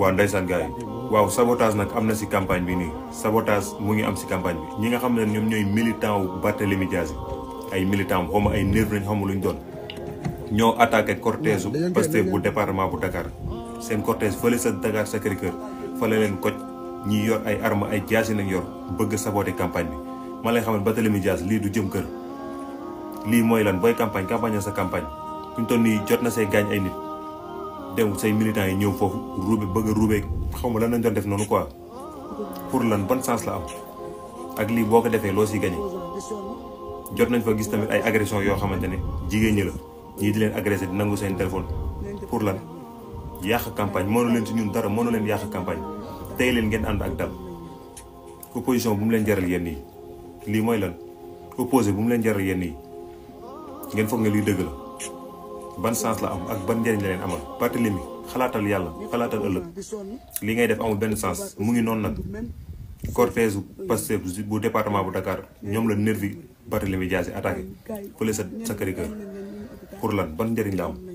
waaw ndeysaan gars yi waaw sabotage nag am na si campagne bi nii sabotage mu ngi am si campagne bi ñi nga xam ne ñoom ñooy militant wu Barthélemy Dias ay militant wu xawma ay nerf lañ lu ñu doon ñoo attaqué cortège u Pastef bu département bu Dakar seen cortège fële sa Dakar Sacré-Cœur fële leen koj ñi yor ay arme ay jaasi nañ yor bëgg saboté campagne bi ma lay xamal Barthélemy Dias lii du jëm kër lii mooy lan booy campagne campagne sa campagne fuñ toll nii jot na say gaañ ay nit dem say militants yi ñëw foofu ruube bëgg a xaw ma lan lañ doon def noonu quoi pour lan ban sens la am ak lii boo ko defee loo siy gañe jot nañ fa gis tamit ay agression yoo xamante ne jigéen ñi la ñii di leen agressé di nangu seen téléphone pour lan yàq campagne mënu leen si ñun dara mënu leen yàq campagne tey leen ngeen ànd ak dal opposition bu mu leen jaral yenn yi lii mooy lan opposé bu mu leen jaral yenn yi ngeen foog ne luy dëgg la ban sens la am ak ban njëriñ la leen amal Barthélemy xalaatal yàlla xalaatal ëllëg li ngay def amul benn sens mu ngi noonu nag cortège Pastef bu département bu Dakar ñoom la nervi Barthélemy Dias attaqué fële sa sa kër pour lan ban njëriñ la am.